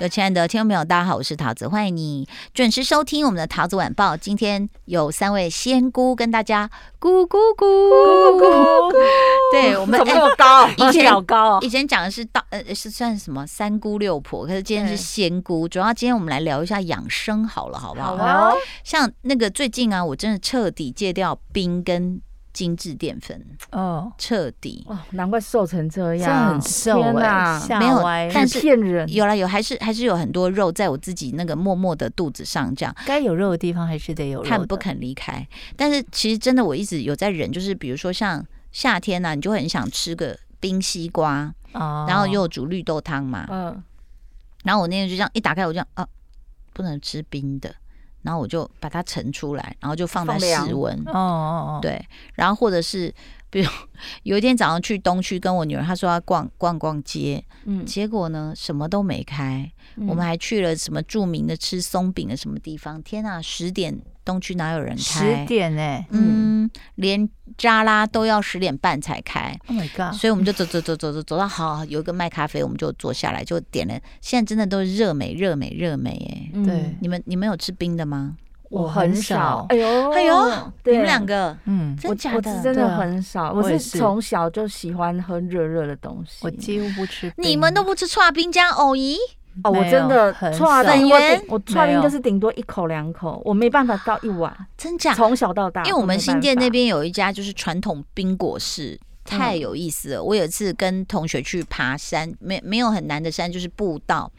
有親愛的聽眾朋友，大家好，我是陶子，歡迎你準時收聽我們的陶子晚報。今天有三位仙姑跟大家咕咕咕咕咕，姑咕，對我們怎麼那麼高？以前那麼高，哦，以前講的是大，呃是算什麼三姑六婆，可是今天是仙姑。對主要今天我們來聊一下養生，好了，好不好？好嗎像那個最近啊，我真的徹底戒掉冰跟。精緻澱粉，哦，徹底哦，難怪瘦成這樣，這樣很瘦啊，欸，哪歪沒有，很但是騙人，有了有，還是還是有很多肉在我自己那個默默的肚子上，這樣該有肉的地方還是得有肉，肉。他不肯離開。但是其實真的，我一直有在忍，就是比如說像夏天呢，啊，你就很想吃個冰西瓜，哦，然後又煮綠豆湯嘛，嗯，呃，然後我那天就這樣一打開，我就這樣啊，不能吃冰的。然後我就把它盛出來，然後就放在室溫。哦，哦，哦，對，然後或者是。比如有一天早上去東區跟我女兒，她說要逛逛逛街，嗯，結果呢什麼都沒開，嗯、我們還去了什麼著名的吃鬆餅的什麼地方，天吶、啊、十點東區哪有人開？十點哎、欸，嗯，嗯連扎拉都要十點半才開，Oh my god！所以我們就走走走走走走到好有一個賣咖啡，我們就坐下來就點了，現在真的都是熱美熱美熱美哎、欸，對、嗯，你們你們有吃冰的嗎？我很少，哎呦，哎呦，你們兩個，嗯，我我是真的很少，我是從小就喜歡喝熱熱的東西，我幾乎不吃。你們都不吃剉冰加藕咦？哦，我真的剉冰漿，我我剉冰就是頂多一口兩口，我沒辦法倒一碗。真假？從小到大，因為我們新店那邊有一家就是傳統冰果室。太有意思了！嗯、我有一次跟同學去爬山，沒有沒有很難的山，就是步道。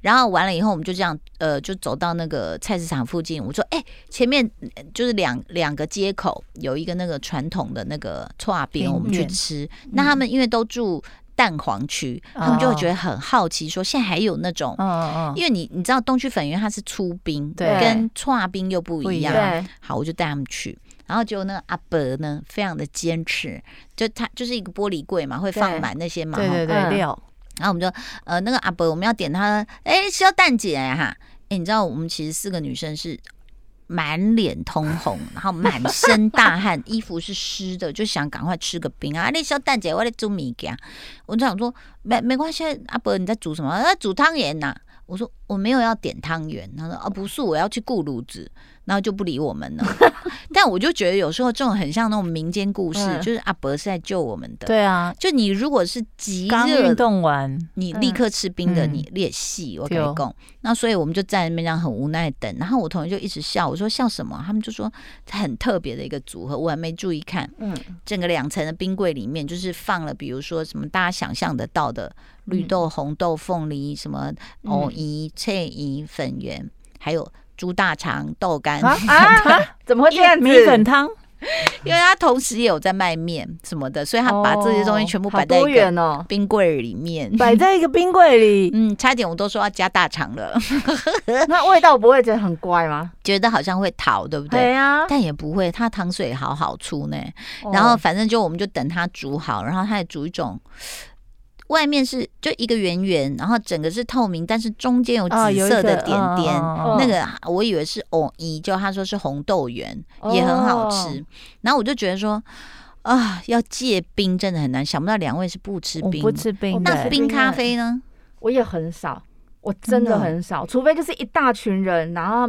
然後完了以後，我們就這樣，呃，就走到那個菜市場附近。我說：“哎、欸，前面就是兩兩個街口，有一個那個傳統的那個剉冰，我們去吃。嗯”那他們因為都住蛋黃區，嗯、他們就會覺得很好奇，說現在還有那種，嗯、因為你你知道東區粉圓它是粗冰，嗯、跟剉冰又不一樣。對好，我就帶他們去。.然後就那個阿伯呢，非常的堅持，就他就是一個玻璃櫃嘛，會放滿那些嘛料。對，吼對對對。料然後我們就呃那個阿伯，我們要點他，哎，稍等一下哈，哎，你知道我們其實四個女生是滿臉通紅， 然後滿身大汗， 衣服是濕的，就想趕快吃個冰啊。那稍等一下，我在煮米羹，我就想說，沒沒關係，阿伯你在煮什麼？呃，煮湯圓呐、啊。我說我沒有要點湯圓，他說啊、哦、不是，我要去顧爐子，然後就不理我們了。 但我就覺得有時候這種很像那種民間故事，嗯、就是阿伯是在救我們的。對啊、嗯，就你如果是急熱剛運動完，嗯、你立刻吃冰的你，嗯、你裂戲，我跟你講。嗯、那所以我們就站在那邊這樣很無奈等，然後我同學就一直笑，我說笑什麼？他們就說很特別的一個組合，我還沒注意看。嗯，整個兩層的冰櫃裡面就是放了，比如說什麼大家想象得到的。綠豆、紅豆、鳳梨，什麼藕衣、菜衣、嗯、粉圓，還有豬大腸、豆干啊，啊？怎麼會這樣？米粉湯？因為他同時也有在賣面什麼的，所以他把這些東西全部擺在一個冰櫃裡面，擺、哦哦、在一個冰櫃裡。 嗯，差點我都說要加大腸了。 那味道不會覺得很怪嗎？覺得好像會逃對不對？對呀、啊，但也不會，他湯水好好出呢。哦、然後反正就我們就等它煮好，然後他也煮一種。外面是就一個圓圓，然後整個是透明，但是中間有紫色的點點。哦個嗯、那個、啊嗯、我以為是芋泥，就他說是紅豆圓，哦、也很好吃。然後我就覺得說，啊，要戒冰真的很難，想不到兩位是不吃冰，不吃冰。那冰咖啡呢？我也很少，我真的很少，的除非就是一大群人，然後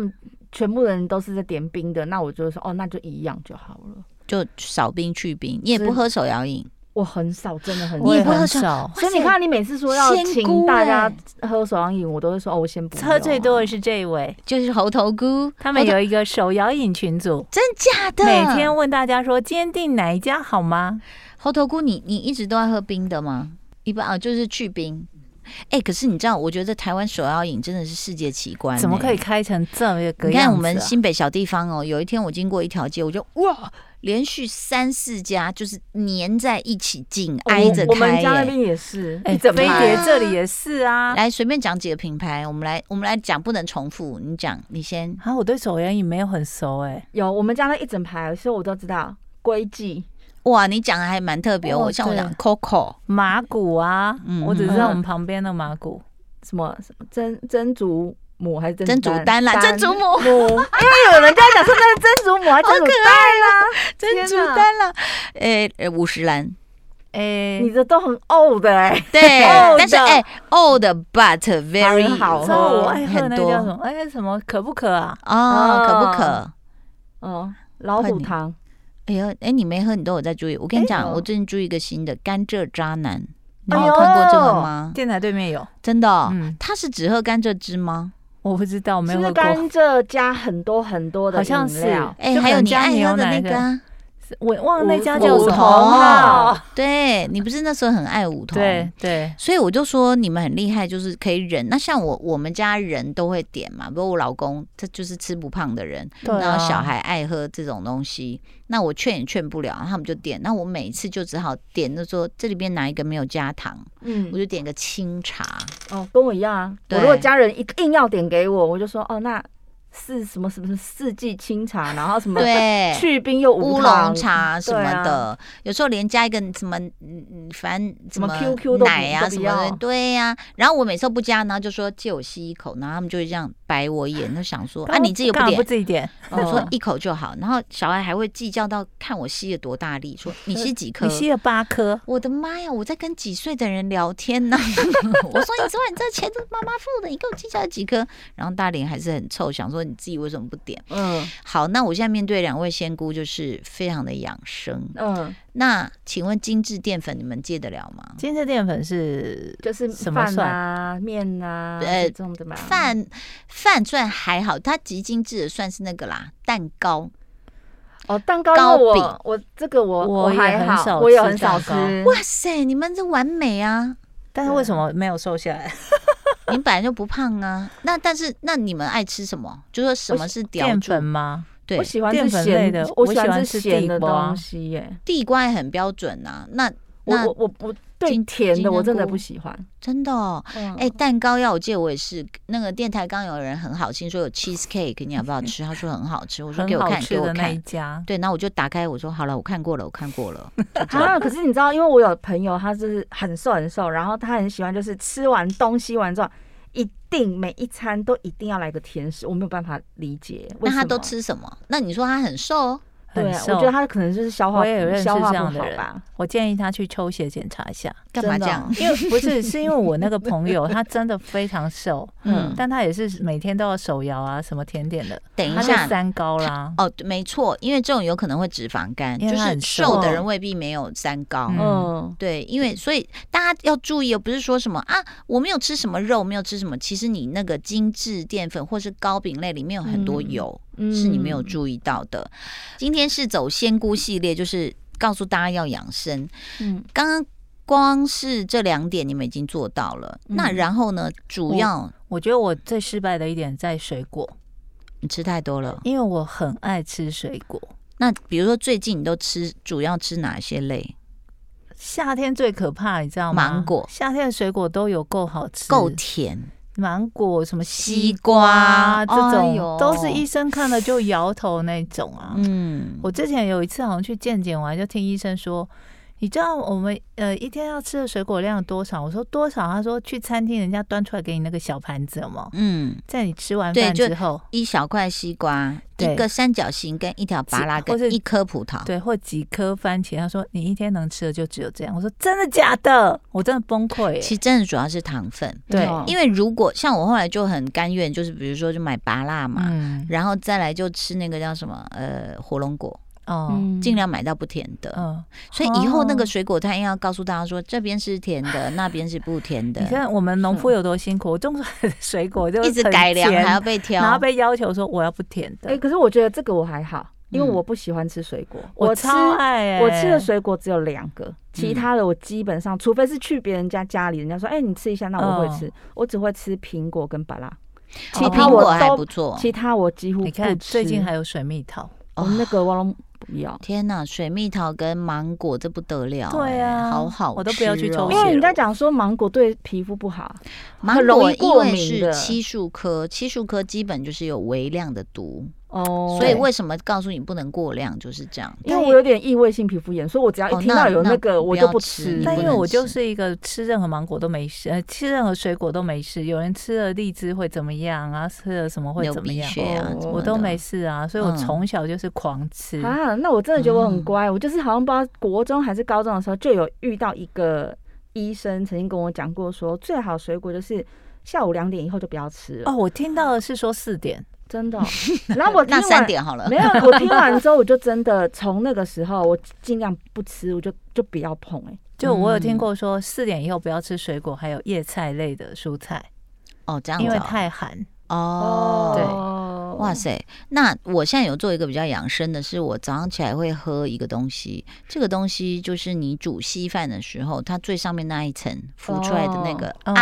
全部人都是在點冰的，那我就說，哦，那就一樣就好了，就少冰去冰。你也不喝手搖飲。我很少，真的很少，我也不少。所以你看，你每次說要請大家喝手搖飲，欸、我都會說哦，我先不喝，啊。喝最多的是這一位，就是猴頭菇。頭，他們有一個手搖飲群組，真假的？頭每天問大家說，堅定哪一家好嗎？猴頭菇你，你你一直都愛喝冰的嗎？一般啊，就是去冰。哎、欸，可是你知道，我覺得這台灣手搖飲真的是世界奇觀，欸，怎麼可以開成這麼一個，啊？你看我們新北小地方哦，有一天我經過一條街，我就哇。連續三四家就是黏在一起，進、哦、挨着開。我們家那邊也是，哎、欸，整排這裡也是啊。啊來，隨便講幾個品牌，我們來我們來講，不能重複。你講，你先。好、啊，我對手搖也沒有很熟，哎，有我們家那一整排，所以我都知道。龜記，哇，你講的還蠻特別。我、哦、像我講對 Coco a、麻古啊，嗯、我只知道我們旁邊的麻古，什麼珍珍珠。母還是丹啦，曾祖母，因為有人跟他講是他的曾祖母，好可愛啊！曾祖丹啦，誒五十嵐，誒，你這都很 old 哎，對，但是哎 old but very 好喝，很多。哎什麼可不可啊？啊，可不可？哦，老虎堂。哎呦，哎，你沒喝，你都有在注意。我跟你講，我最近注意一個新的甘蔗渣男，你有看過這個嗎？電台對面有，真的。哦，他是只喝甘蔗汁嗎？我不知道，沒有，就是甘蔗加很多很多的，好像是，哎、欸，就還有你愛喝的那個。我忘了那家叫什麼五桐、啊哦、對，你不是那時候很愛五桐？對對。所以我就說你們很厲害，就是可以忍。那像我我們家人都會點嘛，不過我老公他就是吃不胖的人，哦、然後小孩愛喝這種東西，那我勸也勸不了，他們就點。那我每一次就只好點，就說這裡邊哪一個沒有加糖，嗯，我就點個清茶。哦，跟我一樣啊。對我如果家人一定要點給我，我就說哦那。四什麼什麼四季清茶，然後什麼去冰又烏龍茶什麼的，啊、有時候連加一個什麼嗯嗯，反正什麼 QQ 奶啊什麼的，對呀、啊。然後我每次都不加呢，然後就說借我吸一口，然後他們就會這樣。白我眼，都想說剛啊，你自己不點，我、嗯、說一口就好。然後小孩還會計較到看我吸了多大力，說你吸幾顆？ 你吸了八顆，我的媽呀！我在跟幾歲的人聊天呢、啊？ 我說你，你說你這錢是媽媽付的，你給我計較了幾顆？然後大臉還是很臭，想說你自己為什麼不點？嗯，好，那我現在面對兩位仙姑，就是非常的養生，嗯。那請問精致澱粉你們戒得了嗎？精致澱粉是就是什麼算麵啊？呃、啊，對這種的嘛。飯飯算還好，它極精致的算是那個啦。蛋糕哦，蛋糕、糕餅餅，我這個我我也很少吃，我有很少吃。哇塞，你們這完美啊！但是為什麼沒有瘦下來？對 你本來就不胖啊。那但是那你們愛吃什麼？就說什麼是澱粉嗎？對我喜歡吃鹹的，的我喜歡吃鹹的東西耶。地瓜也很標準吶。那我我我對甜的我真的不喜歡，的真的。哦。哎哇，欸、蛋糕要我借我也是。那個電台剛，剛有人很好心說有 cheesecake，你要不要吃？ 他說很好吃，我說給我看，給我看。對，那我就打開，我說好了，我看過了，我看過了。好、 啊，可是你知道，因為我有朋友，他就是很瘦很瘦，然後他很喜歡就是吃完東西完之後。一定每一餐都一定要來個甜食，我沒有辦法理解。那他都吃什麼？那你說他很瘦哦？很瘦，對，我覺得他可能就是消化，我也有認識這樣的人。我建議他去抽血檢查一下。幹嘛這樣？因為不是，是因為我那個朋友他真的非常瘦，嗯，但他也是每天都要手搖啊，什麼甜點的。等一下，三高啦？哦，沒錯，因為這種有可能會脂肪肝，就是瘦的人未必沒有三高。嗯，對，因為所以大家要注意哦，不是說什麼啊，我沒有吃什麼肉，沒有吃什麼，其實你那個精致澱粉或是糕餅類裡面有很多油。是你沒有注意到的。嗯、今天是走三姑系列，就是告訴大家要養生。嗯，剛剛光是這兩點你們已經做到了。嗯、那然後呢？主要我，我覺得我最失敗的一點在水果，你吃太多了。因為我很愛吃水果。那比如說最近你都吃，主要吃哪些類？夏天最可怕，你知道嗎？芒果。夏天的水果都有夠好吃，夠甜。芒果、什麼西瓜啊、西瓜這種，哎呦，都是醫生看了就搖頭那種啊。嗯，我之前有一次好像去健檢完，就聽醫生說。你知道我們呃一天要吃的水果量有多少？我說多少？他說，去餐廳人家端出來給你那個小盤子有沒有？嗯，在你吃完飯之後，一小塊西瓜，對一個三角形跟一條芭樂跟一顆葡萄，葡萄對，或幾顆番茄。他說你一天能吃的就只有這樣。我說真的假的？我真的崩潰、欸。其實真的主要是糖分，對，因為如果像我後來就很甘願，就是比如說就買芭樂嘛，嗯、然後再來就吃那個叫什麼呃火龍果。嗯，盡量買到不甜的。嗯，所以以後那個水果攤應該要告訴大家說，這邊是甜的，那邊是不甜的。你看我們農夫有多辛苦，種水果就一直改良，還要被挑，還要被要求說我要不甜的。哎，可是我覺得這個我還好，因為我不喜歡吃水果，我超愛，我吃的水果只有兩個，其他的我基本上，除非是去別人家家裡，人家說哎你吃一下，那我會吃，我只會吃蘋果跟芭樂。蘋果都還不錯，其他我幾乎你看最近還有水蜜桃，哦，那個王龍。不要！天吶，水蜜桃跟芒果這不得了，欸，對啊，好好吃，我都不要去抽血，因為人家講說芒果對皮膚不好，芒果因為是漆樹科，漆樹科基本就是有微量的毒。哦，oh, 所以為什麼告訴你不能過量就是這樣？因為我有點異位性皮膚炎，所以我只要一聽到有那個，oh, 那那我就不吃。不吃但因為我就是一個吃任何芒果都沒事，呃，吃任何水果都沒事。有人吃了荔枝會怎麼樣啊？吃了什麼會怎麼樣？啊？Oh, 我都沒事啊，所以我從小就是狂吃、嗯、啊。那我真的覺得我很乖，我就是好像不知道國中還是高中的時候就有遇到一個醫生曾經跟我講過說，說最好水果就是下午兩點以後就不要吃了哦，oh, 我聽到的是說四點。 真的，哦，那我 那三點好了，沒有。我聽完之後，我就真的從那個時候，我盡量不吃，我就就不要碰。哎，就我有聽過說四點以後不要吃水果，還有葉菜類的蔬菜。哦、嗯，這樣子，因為太寒。哦，哦哦對，哇塞。那我現在有做一個比較養生的是，是我早上起來會喝一個東西。這個東西就是你煮稀飯的時候，它最上面那一層浮出來的那個、啊哦、嗯，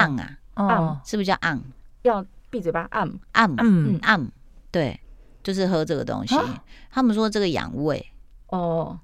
啊、嗯、是不是叫 a 要閉嘴巴嗯，嗯。嗯 m 對，就是喝這個東西。蛤他們說這個養胃哦，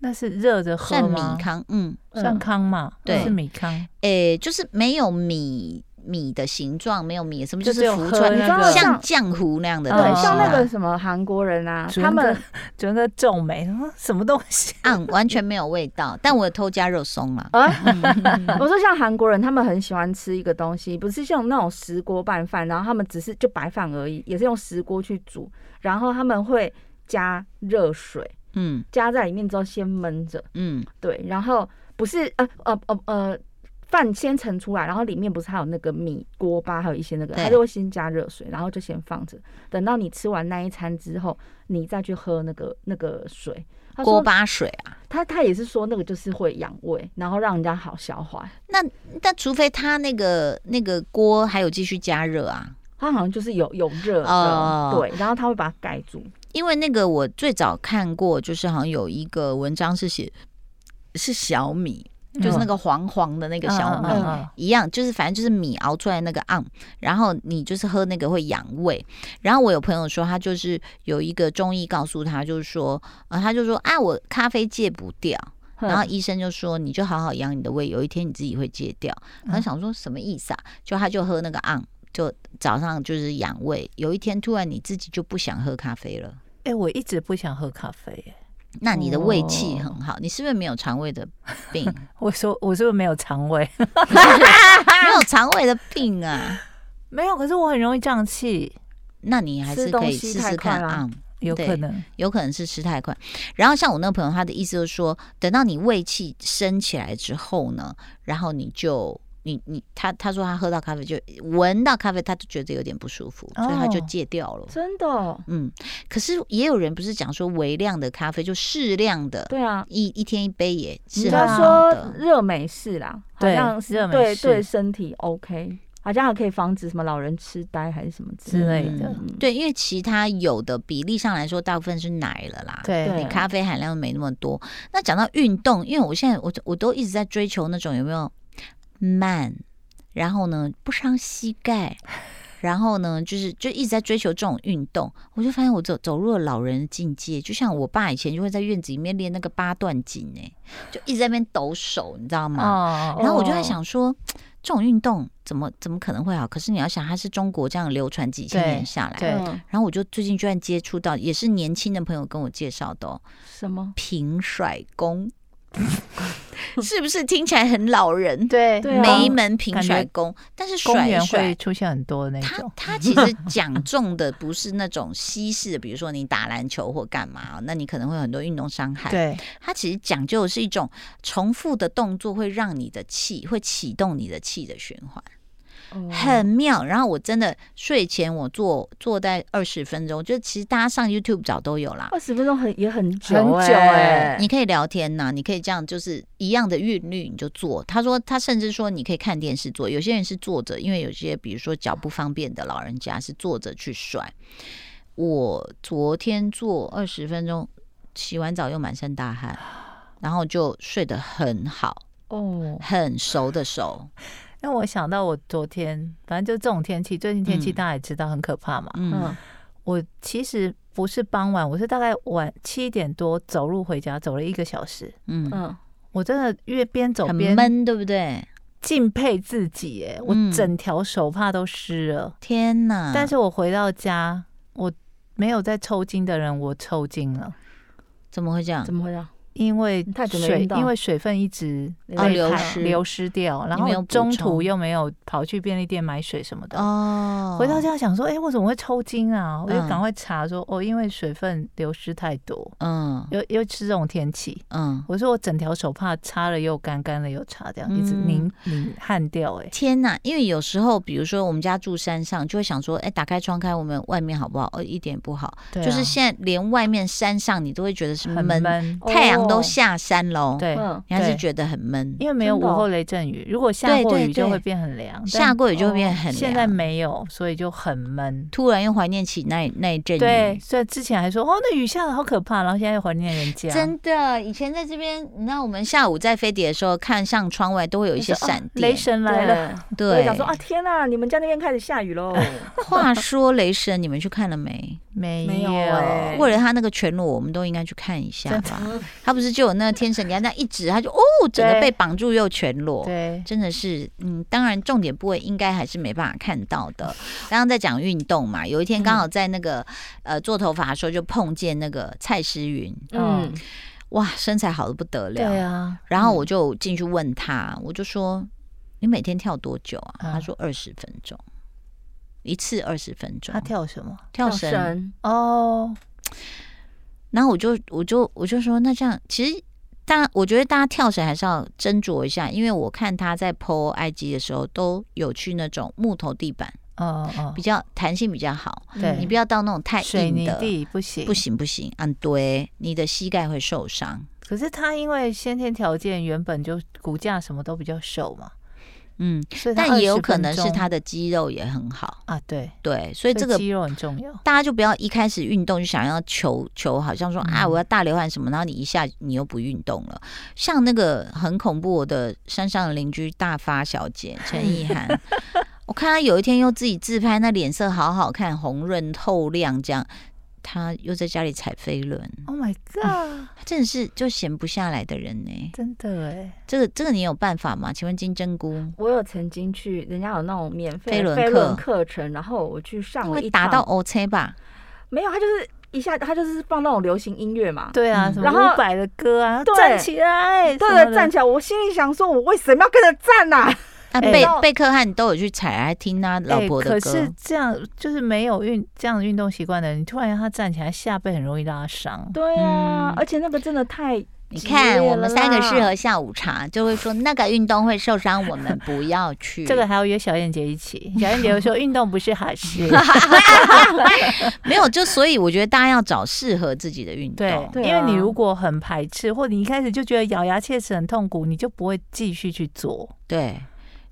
那是熱著喝嗎？算米糠，嗯，嗯算糠嘛？嗯、對，是米糠。誒、欸，就是沒有米。米的形狀沒有米，什麼就是浮出、那個、像漿糊那樣的東西、啊，對、嗯，像那個什麼韓國人啊，得他們覺得皺眉什麼什麼東西、嗯，完全沒有味道，但我偷加肉鬆嘛。我說像韓國人，他們很喜歡吃一個東西，不是像那種石鍋拌飯，然後他們只是就白飯而已，也是用石鍋去煮，然後他們會加熱水，嗯，加在裡面之後先燜着，嗯，對，然後不是呃呃呃呃。呃呃呃飯先盛出來，然後裡面不是還有那個米鍋巴，還有一些那個，它就太會先加熱水，然後就先放着。等到你吃完那一餐之後，你再去喝那個那個水，鍋巴水啊。他他也是說那個就是會養胃，然後讓人家好消化。那但除非他那個那個鍋還有繼續加熱啊？它好像就是有有熱，呃、嗯，對，然後他會把它蓋住。因為那個我最早看過，就是好像有一個文章是寫是小米。就是那個黃黃的那個小米，一樣，就是反正就是米熬出來那個暗。然後你就是喝那個會養胃。然後我有朋友說，他就是有一個中醫告訴他，就是說，啊，他就說啊，我咖啡戒不掉，然後醫生就說，你就好好養你的胃，有一天你自己會戒掉。他想說什麼意思啊？就他就喝那個暗，就早上就是養胃。有一天突然你自己就不想喝咖啡了。哎，我一直不想喝咖啡，欸。那你的胃氣很好，哦、你是不是沒有腸胃的病？呵呵，我說我是不是沒有腸胃？ 沒有腸胃的病啊，沒有。可是我很容易脹氣，那你還是可以試試看啊，試試看嗯、有可能，有可能是吃太快。然後像我那個朋友，他的意思就是說，等到你胃氣升起來之後呢，然後你就。你你他他說他喝到咖啡就聞到咖啡，他就覺得有點不舒服，所以他就戒掉了。真的？嗯，可是也有人不是講說微量的咖啡就適量的，對啊，一一天一杯也是好的。熱美式啦，好像對對身體 OK，好像還可以防止什麼老人痴呆還是什麼之類的，嗯。對，因為其他有的比例上來說，大部分是奶了啦，對，咖啡含量沒那麼多。那講到運動，因為我現在我我都一直在追求那種有沒有？慢，然後呢，不傷膝蓋，然後呢就是就一直在追求這種運動，我就發現我走走入了老人的境界。就像我爸以前就會在院子裡面練那個八段錦，呢，就一直在那邊抖手，你知道嗎？哦、然後我就在想說，哦、這種運動怎麼怎麼可能會好？可是你要想，它是中國這樣流傳幾千年下來。對。然後我就最近居然接觸到，也是年輕的朋友跟我介紹的、哦，什麼平甩功。 是不是聽起來很老人？對，對啊，梅門平甩功，但是甩甩會出現很多的那種。他他其實講重的不是那種西式的， 比如說你打籃球或幹嘛，那你可能會有很多運動傷害。對，他其實講究的是一種重複的動作，會讓你的氣會啟動你的氣的循環。很妙，然後我真的睡前我坐坐在二十分鐘，我覺得其實大家上 YouTube 早都有啦。二十分鐘很也很久、欸，很久、欸，哎，你可以聊天吶、啊，你可以這樣，就是一樣的韻律你就做。他說他甚至說你可以看電視做，有些人是坐着，因為有些比如說腳不方便的老人家是坐着去甩。我昨天做二十分鐘，洗完澡又滿身大汗，然後就睡得很好哦，嗯、很熟的熟。讓我想到我昨天，反正就這種天氣，最近天氣大家也知道、嗯、很可怕嘛。嗯，我其實不是傍晚，我是大概晚七點多走路回家，走了一個小時。嗯，嗯我真的越邊走邊悶、欸，對不對？敬佩自己，我整條手帕都濕了，天吶、嗯，但是我回到家，我沒有在抽筋的人，我抽筋了。怎麼會這樣？怎麼會這樣？因為水，因為水分一直流失流失掉，然後中途又沒有跑去便利店買水什麼的。哦，回到家想說，哎，我怎麼會抽筋啊？我就趕快查說，哦，因為水分流失太多。嗯。又又是這種天氣。嗯。我說我整條手帕擦了又乾，乾了又擦掉，一直擰擰汗掉、欸、嗯。哎、嗯。天哪！因為有時候，比如說我們家住山上，就會想說，哎，打開窗開，我們外面好不好？哦，一點不好。對。就是現在連外面山上你都會覺得是悶，太陽。都下山嘍，對，嗯、你還是覺得很悶，因為沒有午後雷陣雨。哦、如果下過雨就會變很涼，下過雨就會變很涼、嗯。現在沒有，所以就很悶。突然又懷念起那那一陣雨，對。所以之前還說哦，那雨下的好可怕，然後現在又懷念人家。真的，以前在這邊，你知道我們下午在飛碟的時候，看上窗外都會有一些閃電，啊、雷神來了。對，我想說啊，天哪，你們家那邊開始下雨嘍。 話說雷神，你們去看了沒？沒有、欸，為了他那個全裸，我們都應該去看一下吧。的他不是就有那個天神娘 他這樣一指，他就哦，整個被綁住又全裸，對對，真的是嗯，當然重點部位應該還是沒辦法看到的。剛剛在講運動嘛，有一天剛好在那個、嗯、呃做頭髮的時候就碰見那個蔡詩芸，嗯，哇，身材好的不得了，對啊。然後我就進去問他，嗯、我就說你每天跳多久啊？嗯、他說二十分鐘。一次二十分鐘，他跳什麼？跳繩神哦。神然後我就我就我就說，那這樣其實，但我覺得大家跳繩還是要斟酌一下，因為我看他在 po IG 的時候都有去那種木頭地板，哦哦，比較彈性比較好。哦哦嗯、對，你不要到那種太硬的水泥地，不行不行不行，嗯，對，你的膝蓋會受傷。可是他因為先天條件原本就骨架什麼都比較瘦嘛。嗯，但也有可能是他的肌肉也很好啊。對對，所以這個肌肉很重要。大家就不要一開始運動就想要求求，好像說、嗯、啊，我要大流汗什麼，然後你一下你又不運動了。像那個很恐怖，我的山上的鄰居大發小姐陳意涵， 我看她有一天又自己自拍，那臉色好好看，紅潤透亮這樣。他又在家裡踩飛輪，Oh my god！、啊、真的是就閒不下來的人呢，欸，真的哎，欸。這個這個你有辦法嗎？請問金針菇，我有曾經去，人家有那種免費飛輪課程，然後我去上會打到 O C 吧？沒有，他就是一下，他就是放那種流行音樂嘛。對啊，什麼伍佰的歌啊，嗯、後站起來，對，對，站起來。我心裡想說，我為什麼要跟着站啊？貝貝克漢，還都有去踩來聽他老婆的歌。可是這樣就是沒有運這樣的運動習慣的人，你突然讓他站起來下背很容易拉傷。對啊，而且那個真的太……你看，我們三個適合下午茶，就會說那個運動會受傷，我們不要去。這個還要約小燕姐一起。小燕姐又說運動不是好事。沒有，就所以我覺得大家要找適合自己的運動。對，因為你如果很排斥，或你一開始就覺得咬牙切齒很痛苦，你就不會繼續去做。對。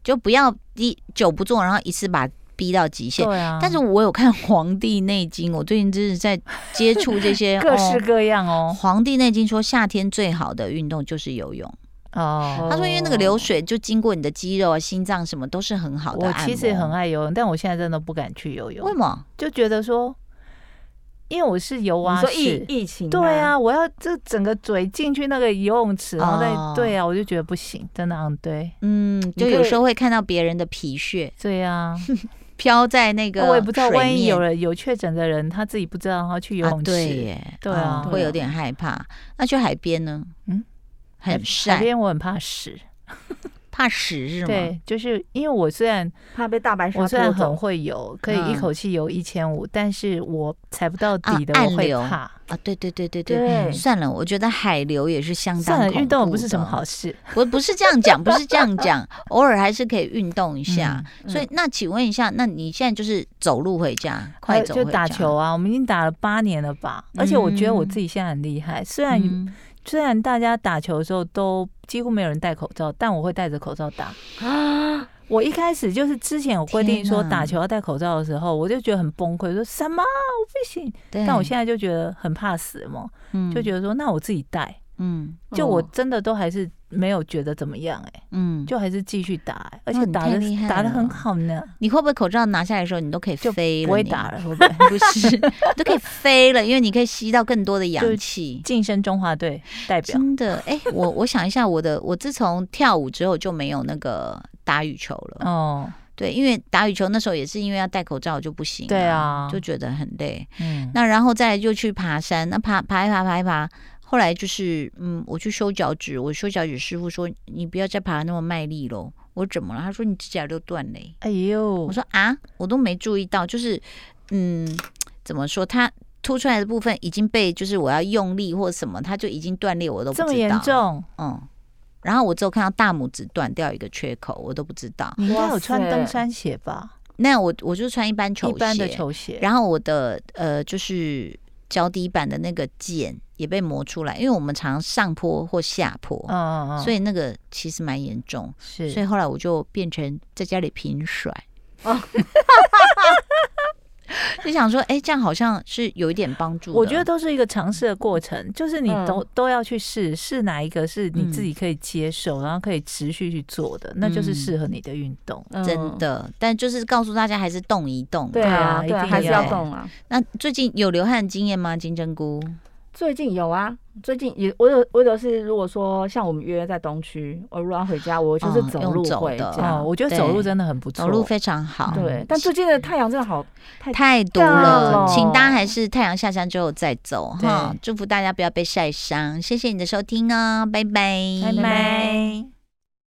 就不要一久不做，然後一次把逼到極限。對啊，但是我有看《黃帝內經》，我最近就是在接觸這些 各式各樣哦。哦，《黃帝內經》說夏天最好的運動就是游泳哦。Oh, 他說，因為那個流水就經過你的肌肉啊、心臟什麼都是很好的。我其實也很愛游泳，但我現在真的不敢去游泳。為什麼？就覺得說。因為我是游啊，以疫，疫情。對啊，我要這整個嘴進去那個游泳池，然後再。哦，對啊，我就覺得不行，真的很、啊、對，嗯，就有時候會看到別人的皮屑，對啊，飄在那個我也不知道，萬一有了有確診的人，他自己不知道，然後去游泳池，啊對，對啊，啊，會有點害怕。啊、那去海邊呢？嗯，很曬善，海邊我很怕死。 怕死是嗎？對，就是因為我雖然怕被大白鯊，我雖然很會游，嗯、可以一口氣游一千五，但是我踩不到底的我會怕啊！對對對對對，嗯、算了，我覺得海流也是相當的，的算了，運動不是什麼好事。我不是這樣講，不是這樣講， 偶爾還是可以運動一下。嗯嗯、所以那請問一下，那你現在就是走路回家，快走回家就打球啊？我們已經打了八年了吧？嗯、而且我覺得我自己現在很厲害，雖然、嗯。雖然大家打球的時候都幾乎沒有人戴口罩，但我會戴着口罩打啊。 我一開始就是之前有規定說打球要戴口罩的時候，哪我就覺得很崩潰，說什麼我不行。對但我現在就覺得很怕死嘛，嗯、就覺得說那我自己戴。嗯，就我真的都還是。沒有覺得怎麼樣哎、欸，嗯，就還是繼續打哎、欸，而且打得、哦、厲害，打得很好呢。你會不會口罩拿下來的時候，你都可以飛了？不會打了，會不會 不是，都可以飛了，因為你可以吸到更多的氧氣，晉升中華隊代表。真的哎、欸，我我想一下，我的我自從跳舞之後就沒有那個打羽球了哦。對，因為打羽球那時候也是因為要戴口罩就不行、啊，對啊，就覺得很累。嗯，那然後再來就去爬山，那爬爬一爬爬一爬。爬爬爬爬後來就是，嗯，我去修腳趾，我修腳趾師傅說，你不要再爬那麼賣力嘍。我說怎麼了？他說你指甲都斷嘞。哎呦！我說啊，我都沒注意到，就是，嗯，怎麼說？它凸出來的部分已經被，就是我要用力或什麼，它就已經斷裂。我都不知道這麼嚴重，嗯。然後我只有看到大拇指斷掉一個缺口，我都不知道。你應該有穿登山鞋吧？那我我就穿一般球鞋，一般的球鞋。然後我的呃，就是腳底板的那個繭，也被磨出來，因為我們常常上坡或下坡，哦哦哦，所以那個其實蠻嚴重。是，所以後來我就變成在家裡平甩。哦， 就想說，哎、欸，這樣好像是有一點幫助，啊。我覺得都是一個嘗試的過程，就是你都，嗯，都要去試試哪一個是你自己可以接受，然後可以持續去做的，嗯，那就是適合你的運動。嗯，真的，但就是告訴大家，還是動一動，啊。對啊，一定還是要動啊。那最近有流汗經驗嗎？金針菇。最近有啊，最近也我有我有是，如果說像我們約在東區，我如果要回家，我就是走路回家。我覺得走路真的很不錯，走路非常好。對，嗯、但最近的太陽真的好太大了，太毒了，哦、請大家還是太陽下山之後再走哈。對祝福大家不要被曬傷，謝謝你的收聽哦，拜拜拜拜。Bye bye bye